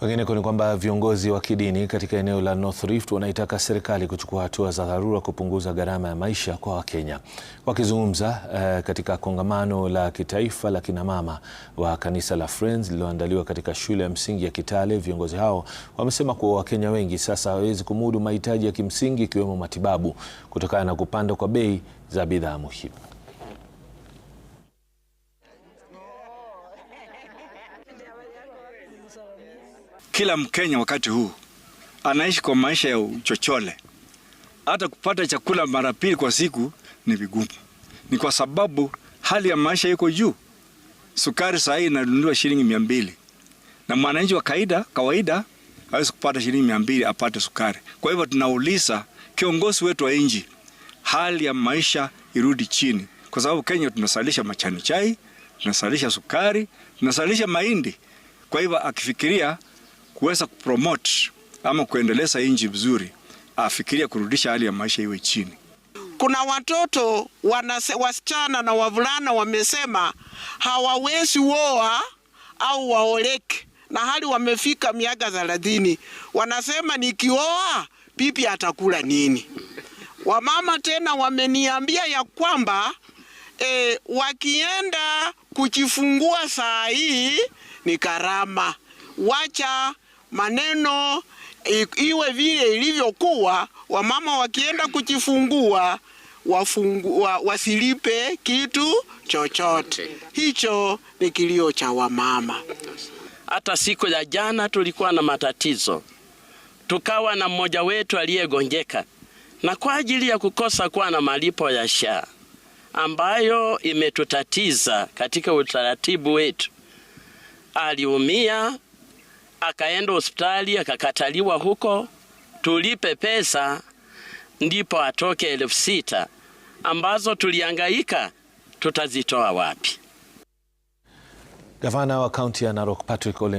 Kwingineko ni kwamba viongozi wa kidini katika eneo la North Rift wanaitaka serikali kuchukua hatua za dharura kupunguza gharama ya maisha kwa Wakenya. Wakizungumza eh, katika kongamano la kitaifa la kinamama wa kanisa la Friends lililoandaliwa katika shule ya msingi ya Kitale, viongozi hao wamesema kuwa Wakenya wengi sasa hawawezi kumudu mahitaji ya kimsingi ikiwemo matibabu kutokana na kupanda kwa bei za bidhaa muhimu. Kila Mkenya wakati huu anaishi kwa maisha ya uchochole, hata kupata chakula mara pili kwa siku ni vigumu. Ni kwa sababu hali ya maisha iko juu. Sukari saa hii inadundiwa shilingi mia mbili na mwananchi wa kaida kawaida hawezi kupata shilingi mia mbili apate sukari. Kwa hivyo tunauliza kiongozi wetu wa nchi, hali ya maisha irudi chini, kwa sababu Kenya tunasalisha machani chai, tunasalisha sukari, tunasalisha mahindi. Kwa hivyo akifikiria kuweza kupromote ama kuendeleza nchi vizuri, afikiria kurudisha hali ya maisha iwe chini. Kuna watoto wanase, wasichana na wavulana wamesema hawawezi woa au waoleke, na hali wamefika miaka thelathini, wanasema nikioa bibi atakula nini? Wamama tena wameniambia ya kwamba e, wakienda kujifungua saa hii ni karama, wacha maneno iwe vile ilivyokuwa, wamama wakienda kujifungua wafungu, wa, wasilipe kitu chochote. Hicho ni kilio cha wamama. Hata siku ya jana tulikuwa na matatizo, tukawa na mmoja wetu aliyegonjeka na kwa ajili ya kukosa kuwa na malipo ya SHA ambayo imetutatiza katika utaratibu wetu, aliumia akaenda hospitali akakataliwa huko, tulipe pesa ndipo atoke elfu sita ambazo tuliangaika tutazitoa wapi? Gavana wa kaunti ya Narok Patrick Ole